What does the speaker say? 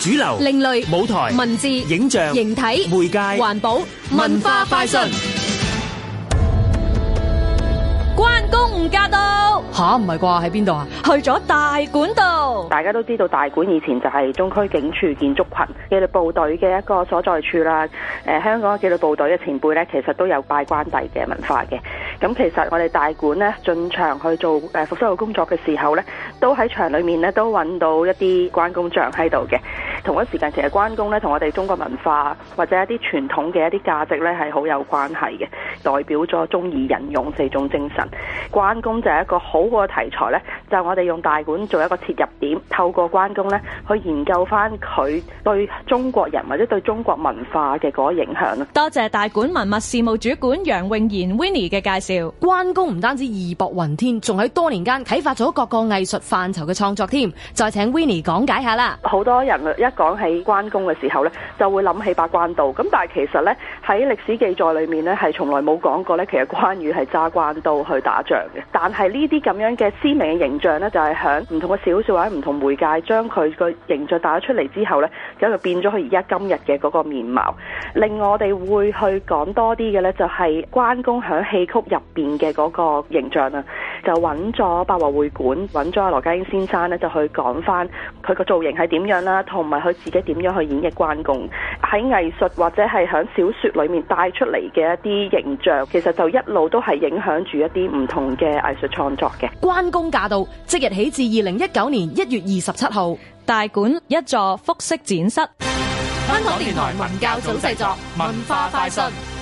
主流、另類、舞台、文字、影像、形體、媒介、環保、文化快訊。關公唔駕到吓？唔係啩？喺邊度啊？去咗大館度。大家都知道大館以前就係中區警署建築群嘅紀律部隊嘅一個所在處啦。誒，香港嘅紀律部隊嘅前輩呢，其實都有拜關帝嘅文化嘅。咁其實我哋大館呢，進場去做誒復修嘅工作嘅時候呢，都喺場裏面呢，都揾到一啲關公像喺度嘅。同一時間，其實關公咧，同我哋中國文化或者一啲傳統嘅一啲價值咧，係好有關係嘅，代表咗忠義仁勇四種精神。關公就係一個好好嘅題材咧。就我哋用大館做一個切入點，透過關公咧去研究翻佢對中國人或者對中國文化嘅嗰個影響咯。多謝大館文物事務主管楊永賢 Winnie 嘅介紹。關公唔單止義薄雲天，仲喺多年間啟發咗各個藝術範疇嘅創作添。再請 Winnie 講解下啦。好多人一講起關公嘅時候咧，就會諗起八關刀，咁但係其實咧喺歷史記載裏面咧，係從來冇講過咧，其實關羽係揸關刀去打仗嘅。但係呢啲咁樣嘅鮮明嘅形。像咧就係響唔同嘅小說或者唔同媒介將佢個形象帶咗出嚟之後咧，就變咗佢而家今日嘅嗰個面貌。另外我哋會去講多啲嘅咧，就係關公響戲曲入邊嘅嗰個形象啦。就揾咗八和會館，揾咗阿羅家英先生咧，就去講翻佢個造型係點樣啦，同埋佢自己點樣去演繹關公。喺藝術或者係響小說裏面帶出嚟嘅一啲形象，其實就一路都係影響住一啲唔同嘅藝術創作嘅。關公駕到，即日起至二零一九年一月二十七號，大館一座複式展室。香港電台文教組製作，文化快訊。